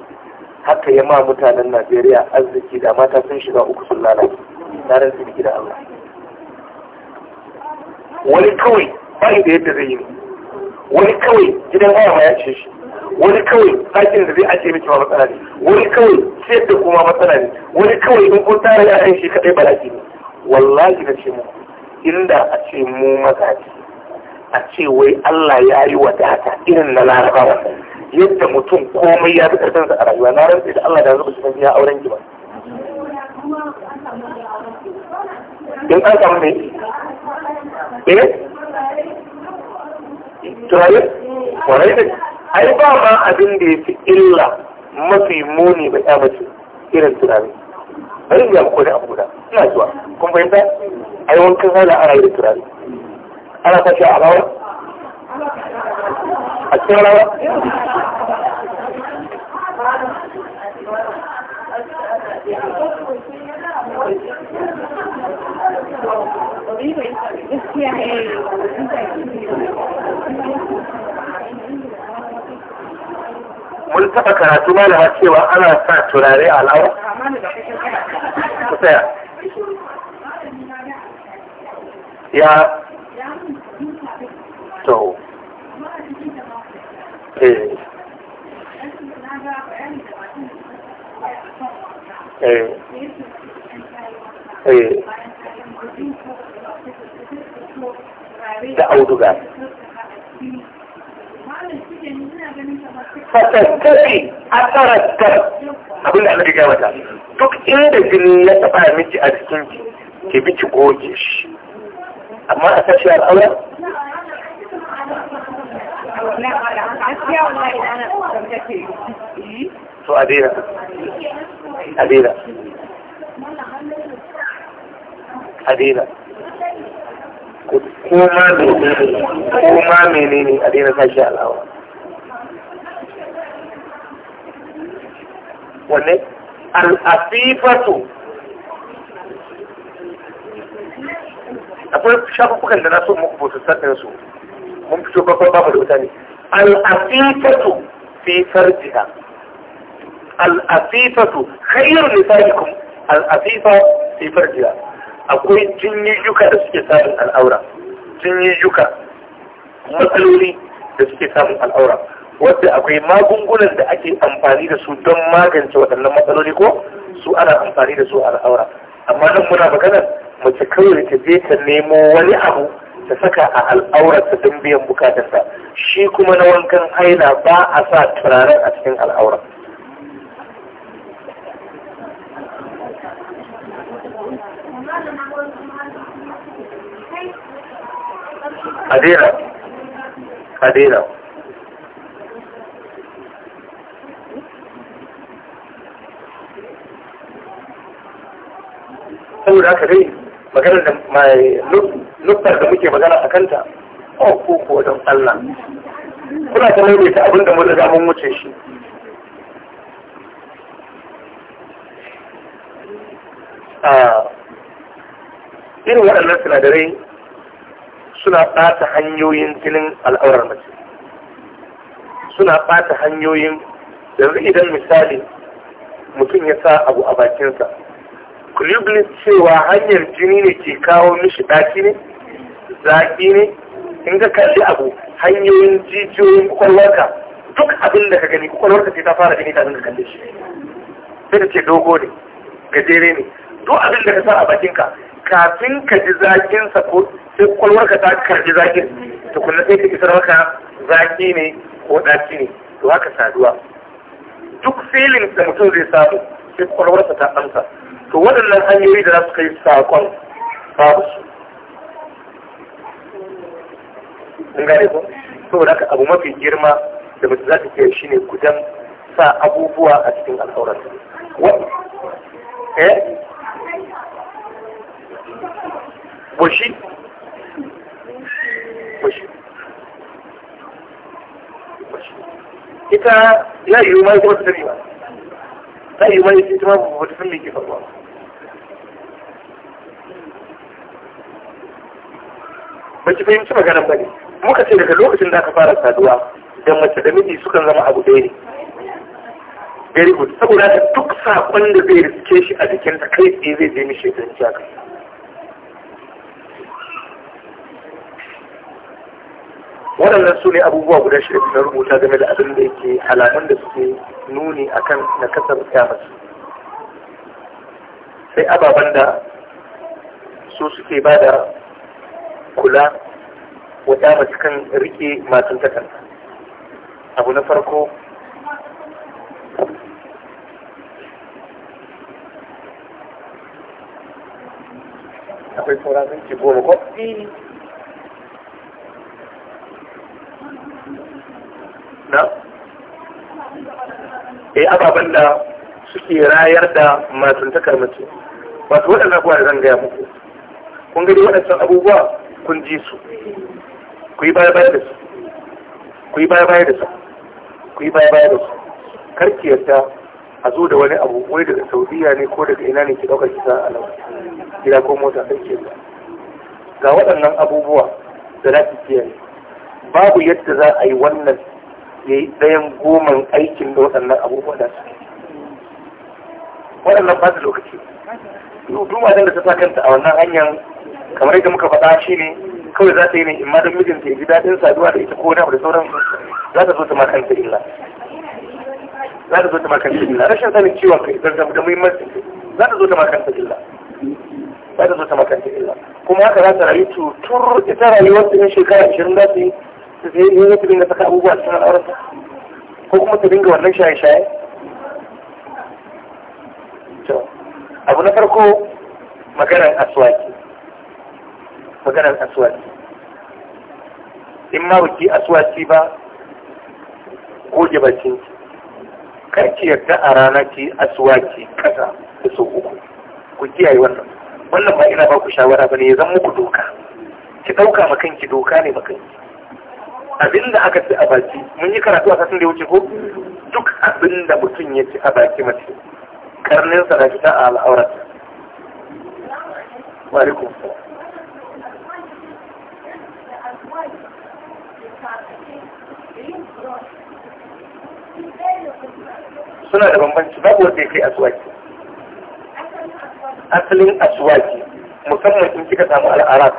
haka ya ma mutanen Najeriya arziki da mata sun shiga uku sun lalace na rantsi da Allah wani kawai bayi da yadda zai yi wani kawai gidan haya ya ce shi wani kawai ɗakin da zai ake miki ma matsala ne wani kawai siyar da kuma matsala ne wani kawai in kun tara yaran shi kaɗai bala'i ne wallahi na ce mu. inda a ce mu maza a ce wai Allah ya yi wadata irin na larabawa yadda mutum komai ya fi ƙarfinsa a rayuwa na rantsa da Allah da zuba shi ya auren ki ba in an samu ne eh ai ba ma abin da ya fi illa mafi muni ba ya mace irin turare bari ya ku da abuda ina zuwa kuma kun fahimta ai wankan hana ana yi da turare ana kashe a rawa a cikin rawa mun taɓa karatu malama cewa ana sa turare a al'aura? Ya. To. Eh. Eh. Eh. دعوا دبان فتستكي أثر الدم أقول لك في جامعة توك إيدا جلية تبع ميجي أدسنجي كي بيجي قوجيش أما أساسي على الأولى سو أدينا أدينا أدينا koma menene koma menene a daina sa shi alawa wanne al'afifatu akwai shafukan da na so muku bosu sakin su mun fito farkon babu da mutane al'afifatu fi farjiha al'afifatu khairun lisa'ikum al'afifa fi farjiha akwai jinyiyyuka da suke samun al'aura jinyiyyuka matsaloli da suke samun al'aura wadda akwai magungunan da ake amfani da su don magance waɗannan matsaloli ko su ana amfani da su a al'aura amma nan muna maganar mace kawai ta je ta nemo wani abu ta saka a ta don biyan bukatarsa shi kuma na wankan haila ba a sa turaren a cikin al'aurar kadira kadena saboda haka dai maganar da mai nufar da muke magana a kanta ko ko don Allah kuna ta maimaita abin da mun zamun wuce shi ah, irin waɗannan sinadarai suna ɓata hanyoyin jinin al'aurar mace suna ɓata hanyoyin yanzu idan misali mutum ya sa abu a bakinsa kuliblis cewa hanyar jini ne ke kawo mishi ɗaki ne zaƙi ne in ka kalli abu hanyoyin jijiyoyin kwakwalwarka duk abin da ka gani kwakwalwarka ce ta fara gani kafin ka kalle shi sai ce dogo ne gajere ne duk abin da ka sa a bakinka kafin ka ji zakinsa ko sai kwalwarka ta karji zakin to tukunna sai ka isar maka zaki ne ko daki ne to haka saduwa duk feeling da mutum zai samu sai kwalwarsa ta amsa to waɗannan hanyoyi da za su kai saƙon babu su in gane ko saboda haka abu mafi girma da mutum za ta ke shi ne gudan sa abubuwa a cikin al'aurarsa eh bushi ita ya yi mai kuma ta ba ta yi mai ita ma ba wata sannan ke faruwa ba ki fahimci maganar ba ne muka ce daga lokacin da aka fara saduwa da mace da miji sukan zama abu ɗaya ne very good saboda duk sakon da zai riske shi a jikinta kai tsaye zai je mishi ta jaka waɗannan su ne abubuwa guda shida na rubuta game da abin da yake alamun da suke nuni a kan na kasar kyamata sai ababen da su suke ba da kula wa kyamata kan rike masu takarda, abu na farko akwai sauran zanki goma ko eh. na eh ababen da suke rayar da masuntakar mace wato waɗannan abubuwa da zan gaya muku kun gani waɗancan abubuwa kun ji su ku yi baya baya da su ku yi baya baya da su ku yi baya baya da su karki yadda a zo da wani abu wai daga saudiya ne ko daga ina ne ke ɗaukar kisa a nan gida ko mota karki yadda ga waɗannan abubuwa da za su kiyaye babu yadda za a yi wannan ya yi ɗayan goman aikin da waɗannan abubuwa da su waɗannan ba su lokaci duma da ta sa kanta a wannan hanyar kamar yadda muka faɗa shi ne kawai za ta yi ne in ma don mijinta ya ji daɗin saduwa da ita ko na da sauran za ta zo ta makanta illa za ta zo ta makanta illa rashin sanin ciwon kai da muhimmanci za ta zo ta makanta illa za ta zo ta makanta illa kuma haka za ta rayu tutur ita rayuwar ta shekara ashirin za su yi in eh, ya dinga saka abubuwa cikin al'aurarsa ko kuma ta dinga wannan shaye-shaye abu na farko maganar aswaki maganar aswaki in ma baki aswaki ba goge bakin ki yadda a rana ki aswaki kasa da sau uku ku kiyaye wannan wannan ba ina ba ku shawara ba ne ya zan muku doka ki ɗauka makanki doka ne makanki abin da aka ci a baki mun yi karatu a kasin da ya wuce ko duk abin da mutum ya ci a baki mace karnin sa da fita a al'aurat wa suna da bambanci babu wanda ya kai aswaki asalin aswaki musamman in kika samu al'arat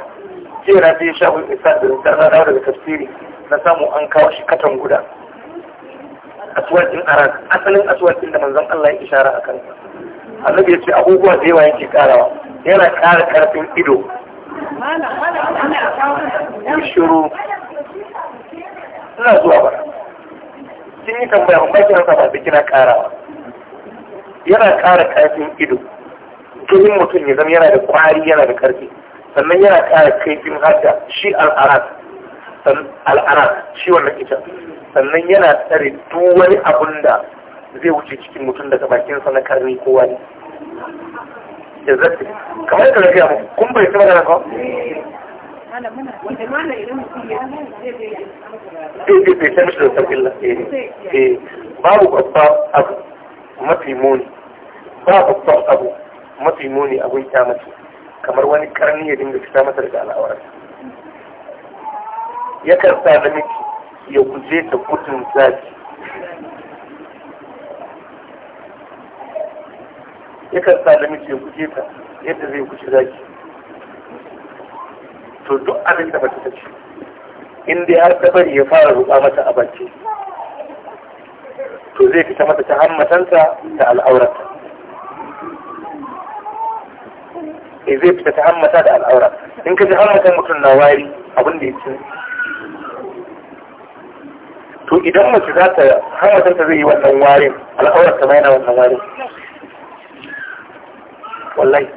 jera zai sha wani isa da rinta da daga tafsiri na samu an kawo shi katon guda aswatin arak asalin aswatin da manzon Allah ya ishara akan annabi ya ce abubuwa da yawa yake karawa yana kara karfin ido shiru ina zuwa ba kin yi tambaya ba kin rasa ba kina karawa yana kara karfin ido ganin mutum ya zama yana da kwari yana da karfi sannan yana ƙara kaifin hadda shi al'arat al'arat shi wannan ita sannan yana tsare duk wani abun da zai wuce cikin mutum daga bakin sa na karni ko wani da zafi kamar ka lafiya mu kun bai ta magana ko bai eh, eh, eh, ta mishi da sauƙin lafiya babu babban abu mafi muni ba babban abu mafi muni abin kyamata kamar wani karni ya dinga fita masa daga Ya karsa da miki ya guje ta kudin zafi karsa da miki ya guje ta yadda zai guje zaki to duk abin da mace ta ce in dai har ya fara ruɓa mata a baki to zai fita mata ta hammatanta da al'aurata kai zai fita ta hammata da al'aura in ka ji hammatan mutum na wari abin da ya ci to idan mace za ta hammatan ta zai yi wannan warin al'aurar ta yana wannan warin wallahi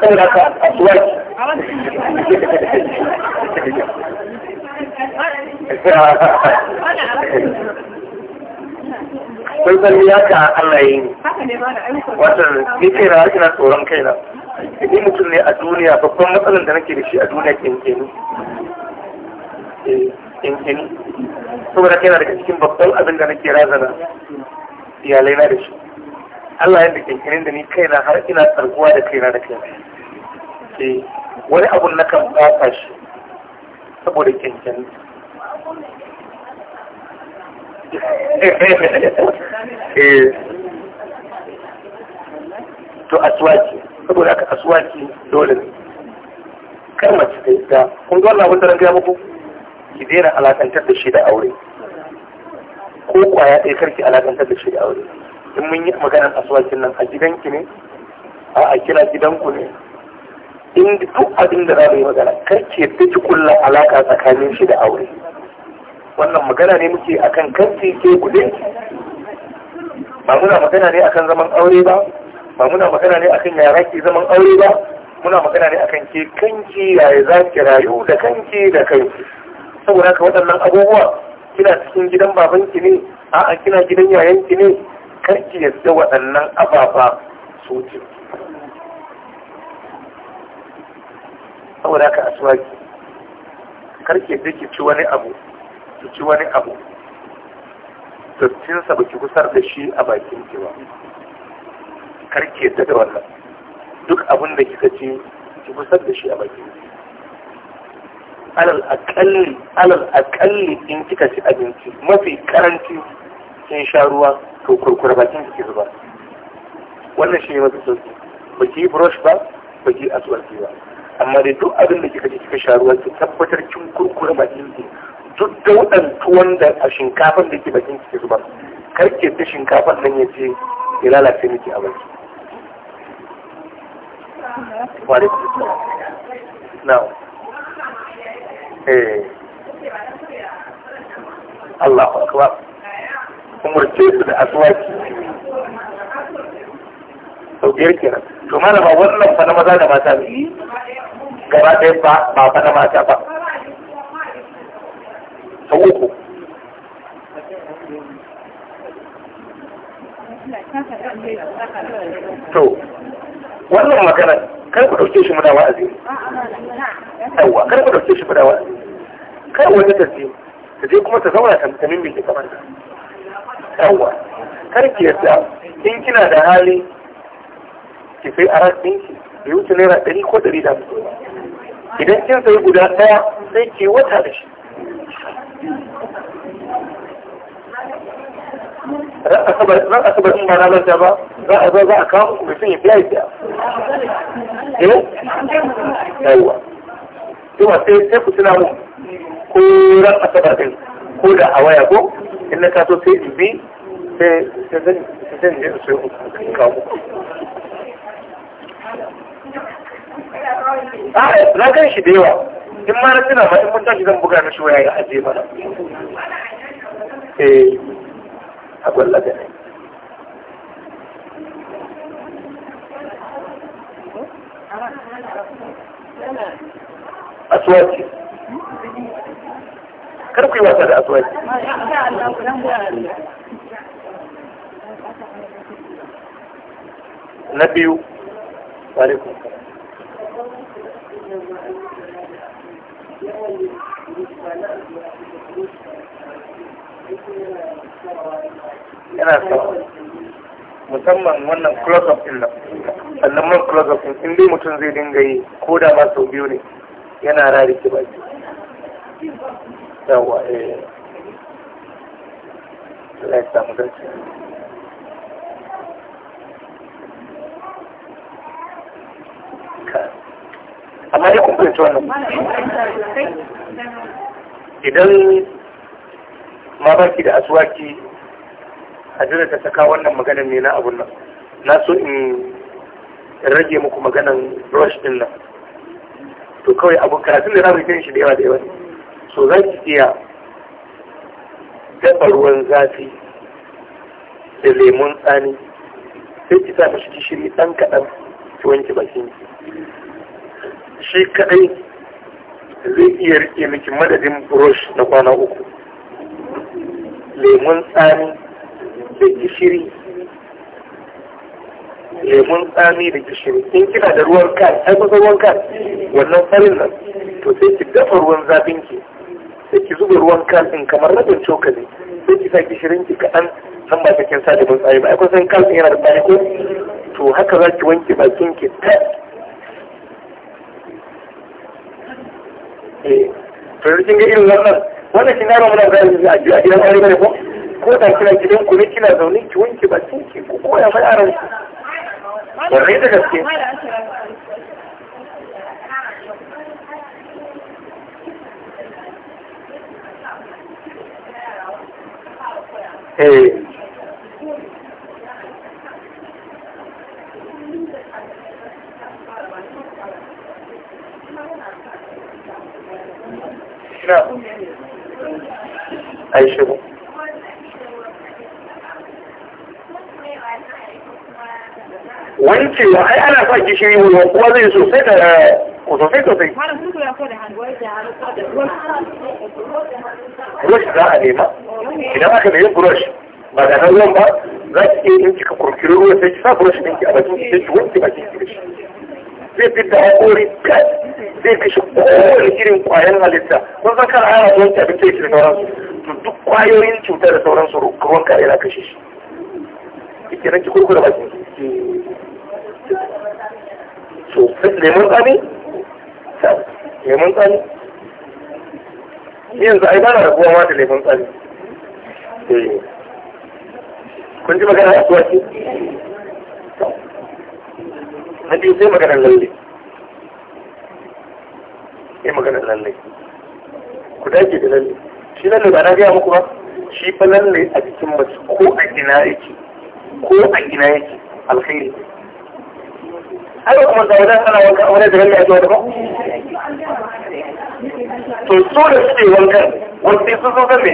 saboda ka asuwaki Yeah. kun san ya ka Allah yi ne watan ni kai na tsoron kai na ni mutum ne a duniya babban matsalar da nake da shi a duniya kenkeni kenkeni eh, saboda kai na daga cikin babban abin da nake razana iyalai na da shi Allah yadda kenkenin da ni kai na har ina tsarguwa da kai na da kai eh, wani abun na kan ba shi saboda kenkeni Eh. to aswaki saboda haka aswaki dole ne kar mace ta yi kun ga wannan abin gaya muku ki daina alakantar da shi da aure ko kwaya ɗaya karki alakantar da shi da aure in mun yi maganar aswakin nan a gidanki ne a a kira gidanku ne in duk abin da za mu yi magana karki ta fi kulla alaka tsakanin shi da aure wannan magana ne muke akan kanti ke kudin ba muna magana ne akan zaman aure ba ba muna magana ne akan yara ke zaman aure ba muna magana ne akan ke kanki yaya za ki rayu da kanki da kanki saboda ka waɗannan abubuwa kina cikin gidan babanki ne a'a kina gidan yayanki ne karki yadda waɗannan ababa su ce saboda haka ki karki yadda ki ci wani abu su ci wani abu dattinsa ba ki kusar da shi a bakin ki ba kar ke yadda da wannan duk abin da kika ci ki kusar da shi a bakin ki alal akalli in kika ci abinci mafi karanci sun sha ruwa to kurkura bakin ki zuba wannan shi ne mafi sauki ba ki yi brush ba ba ki yi asuwarki ba amma dai duk abin da kika ci kika sha ruwa ki tabbatar kin kurkura bakin ki duk daudan tuwon da a shinkafan da ke bakin ki zuba karke ta shinkafan nan ya ce ya lalace miki a baki now eh Allahu akbar umurce su da aswaki sau biyar kenan to mana ba wannan fa na maza da mata ne gaba ɗaya ba ba fa na mata ba sau to wannan magana kar ku ɗauke shi muna wa'azi kar ku ɗauke shi muna wa'azi kar wani ta ta je kuma ta zauna ta da kamar kar ki in kina da hali ki sai ɗinki da wuce naira ɗari ko ɗari da idan kin sayi guda ɗaya sai ki wata da shi ran asabar in ba na manta ba za a zo za a kawo muku mutum ya biya biya eh yawa yawa sai sai ku tuna mu ko ran asabar din ko da a waya ko in na kaso sai in bi sai sai zan zan je su kawo muku a na kan shi da yawa in ma na tuna ma in mun tashi zan buga na shi waya ya ajiye mana eh a kwalla ga kar ku yi wasa da asuwaci na biyu alaikum salam yana musamman wannan close up illa sannan man close up in inda mutum zai dinga yi ko da ma sau biyu ne yana rarike baki yawa eh Allah samu dace amma dai kun fahimci wannan idan ma ba ki da a jira ta saka wannan maganar ne na abun nan na so in rage muku maganan rush din nan to kawai abu karatun da zamu yi shi da yawa da yawa so za ki iya dafa ruwan zafi da lemun tsani sai ki sa shi gishiri dan kaɗan ki wanke bakin ki shi kaɗai zai iya rike miki madadin brush na kwana uku lemun tsami da gishiri lemun tsami da gishiri in kina da ruwan kan ai kusa ruwan kan wannan farin nan to sai ki dafa ruwan zafin ki sai ki zuba ruwan kan din kamar rabin cokali sai ki sa gishirin ki kaɗan san ba kin sa lemun tsami ba ai kusan kan din yana da tsami ko to haka za ki wanke bakin ki ta eh to yanzu kin ga irin wannan wannan shi na ba mana ga a jiya gidan aure bane ko ko da kina gidan ku ne kina zaune ki wanke bakin ki ko ko ya mai aran ki wannan da gaske eh Yeah. اي شنو وانت اي انا فاكي شنو يقول هو زي سوفيتا وسوفيتا زي روش ده قديمة كده ما كان يقول روش بعد هذا اليوم بقى بس انت كبروكيرو وسيتي فاك روش منك ابدا انت وانت ما تنكرش زي بدا اقولي كات زي بيش اقولي كيري مقاينا لسا وانت كان عارف وانت بنتيش لفرنسي to duk kwayoyin cutar da sauran su ruwan kare na kashe shi kike nan ki kurkura baki so lemon tsami lemon tsami yanzu ai ba na rabuwa ma da lemon tsami eh. kun ji magana a tuwa ce na biyu sai magana lalle sai magana lalle ku dace da lalle shi lalle ba na gaya muku ba shi fa lalle a cikin mace ko a ina yake ko a ina yake alkhairi ai kuma da wannan ana wanka wani da lalle a jiwa da ba to so da suke wankan wanda su zo zame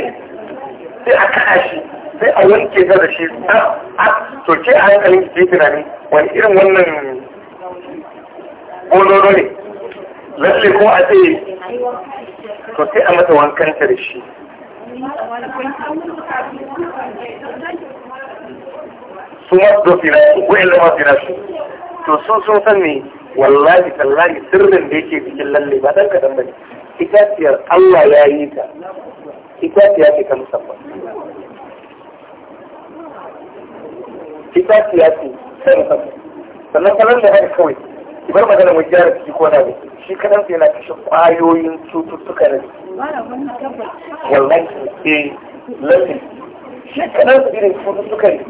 sai a kaɗa shi sai a wanke ta da shi to ce a hankalin ki tunani wani irin wannan bololo ne lalle ko a ce to sai a mata wankan ta da shi su ma su dofi na su wa'in da masu na su to sun sun san ne wallahi tallahi sirrin da yake cikin lalle ba dan kadan bane itaciyar Allah ya yi ta itaciya ce ta musamman itaciya ce ta musamman sannan kalan da haka kawai ki bar magana mu gyara ciki ko na da shi kadan yana kashe kwayoyin cututtuka da wallahi ke eh, lalle shi kadan irin cututtuka ne,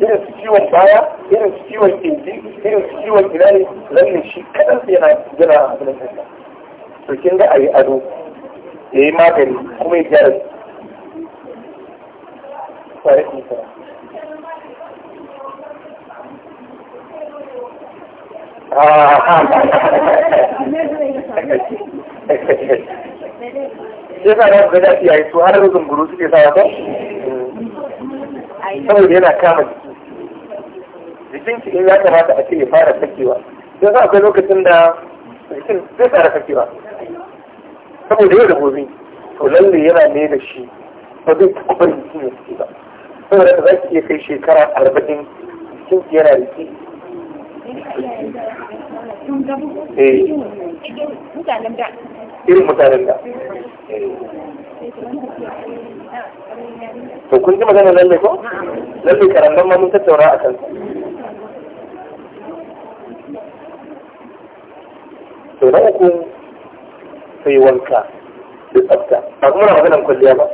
irin su ciwon baya irin su ciwon kirji irin su ciwon gidane lalle shi kadan yana yana abin da ta, to kin ga ayi ado ya yi magani kuma ya gyara wa alaikum sai sa da ga dafi yayi to har rubun guru suke sa wata saboda yana kama jiki jikin ki ya kamata a ce ya fara sakewa sai sa akwai lokacin da jikin zai fara sakewa saboda yau da gobe to lalle yana ne da shi ba zai taɓa jikin ya suke ba saboda za ki iya kai shekara arba'in jikin ki yana da mutanen eh. da irin mutanen da to kun ji magana lalle ko lalle karandan ma mun tattauna a kan to na uku sai wanka da tsafta ba kuma na maganan kwalliya ba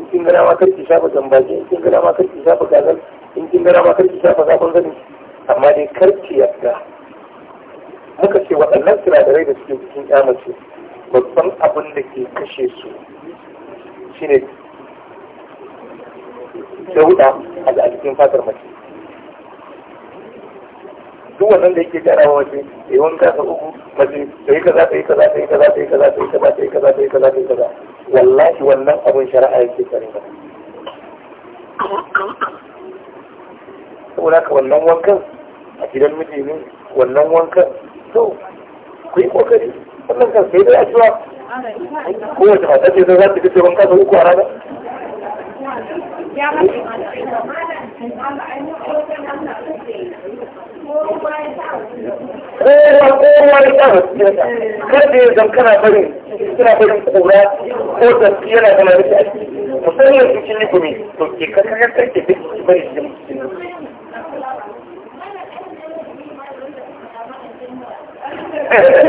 in kin gara ma ki shafa zambaje in kin gara ma ki shafa gazal in kin gara ma ki shafa zafin gani. amma dai karki yadda muka ce waɗannan sinadarai da suke cikin ya babban abin da ke kashe su shine dauda a jikin fatar mace duk wannan da yake jarawa waje da yi wanka ta uku mace da yi kaza ta yi kaza ta yi kaza ta yi kaza ta yi kaza ta yi kaza ta yi kaza ta yi kaza wallahi wannan abin shari'a yake tsare ba saboda ka wannan wankan a gidan miji wannan wanka to ku yi kokari wannan kan sai da cewa kowace mata ce za ta kace wanka da uku a rana kowa kowa ya sa wasiyarsa kada ya zan kana barin suna barin kura ko da yana da zama da musamman su cikin likumi to ke yankar ke duk bari jimu Mungkin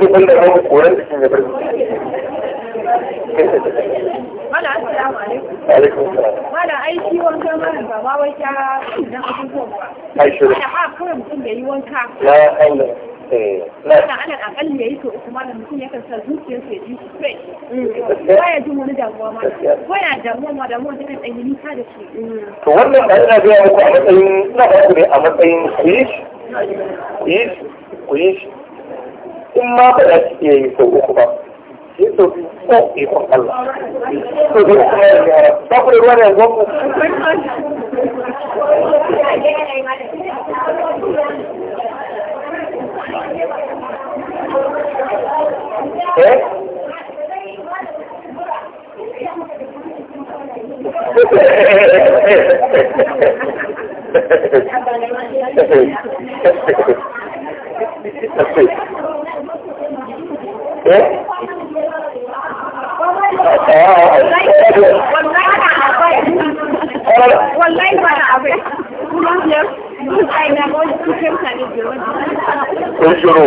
itu pun tak tahu kurang Mala assalamu alaikum. Alaikum salam. Mala wanka malam ba wai ta idan abubuwan ba. Ai shi. Mala ba kawai mutum ya yi wanka. Eh, na Allah. Mala ana akalli ya yi to uku malam mutum ya kansa zuciyarsa ya ji straight. Mm. Ba ya jin wani damuwa ma. Ko ya damuwa ma damuwa ta kan ɗanyi nisa da shi. To wannan da ina biya muku a matsayin ina ba ku ne a matsayin ku yi shi. In ma ba za ki iya yi sau uku ba. itu bisa itu Allah. Itu bisa ya. Tak wallahi ba na abin kun shiro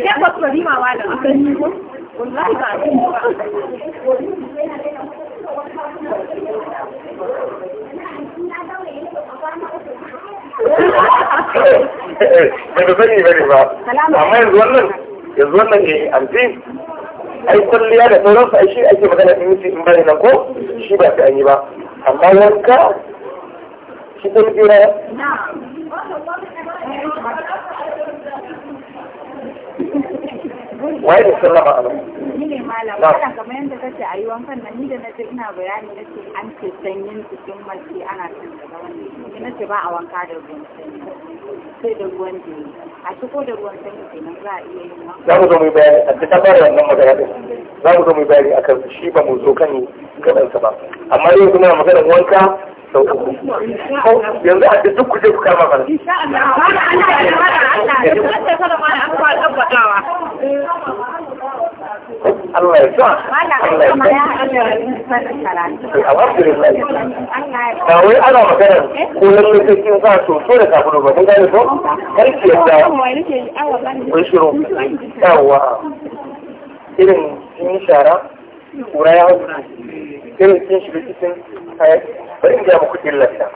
ya ba su rima wa da wallahi ba Daga sani bane ba, amma yanzu wannan yanzu wannan ya yi amfi ai kulliya da sauransu ai shi ake magana in yi in bari nan ko shi ba sai an yi ba amma wanka shi ta nufi na waye da sallama a nan ni ne malam Kana kamar yadda kace a yi wankan nan ni da na ina bayani na ce an ce sanyin cikin mace ana son daga wannan na ce ba a wanka da ruwan sanyi za mu zo mu bayani a ta tabbata wannan magana din za mu zo mu bayani akan shi ba mu zo kan gaban ba amma yau kuma magana wanka sau uku yanzu a duk kuje ku kama mana insha Allah Allah Allah Allah Allah Allah Allah Allah Allah Allah Allah Allah Allah ya sa Allah ya sa alhamdulillah ba wai ana magana ko lalle sai kin sa to so da kafin ba kun gane ko kar ki yadda wai shiru yawa irin kin shara kura ya hau irin kin shiga cikin bari in ga muku illata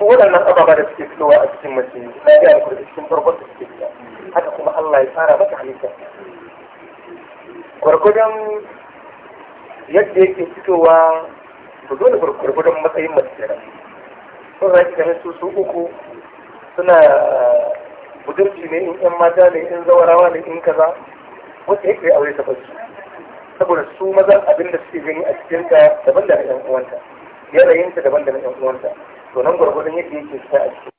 su waɗannan ababa da suke fitowa a cikin mace na ga muku da cikin farkon da suke fita haka kuma Allah ya fara maka halitta gwargwadon yadda yake fitowa to dole gwargwadon matsayin matsayin sun za ki ganin su su uku suna budurci ne in yan mata ne in zawarawa ne in kaza wata yake aure ta basu saboda su mazan abin da suke gani a cikin ta daban da na yan uwanta yanayinta daban da na yan uwanta to nan gwargwadon yadda yake fita a cikin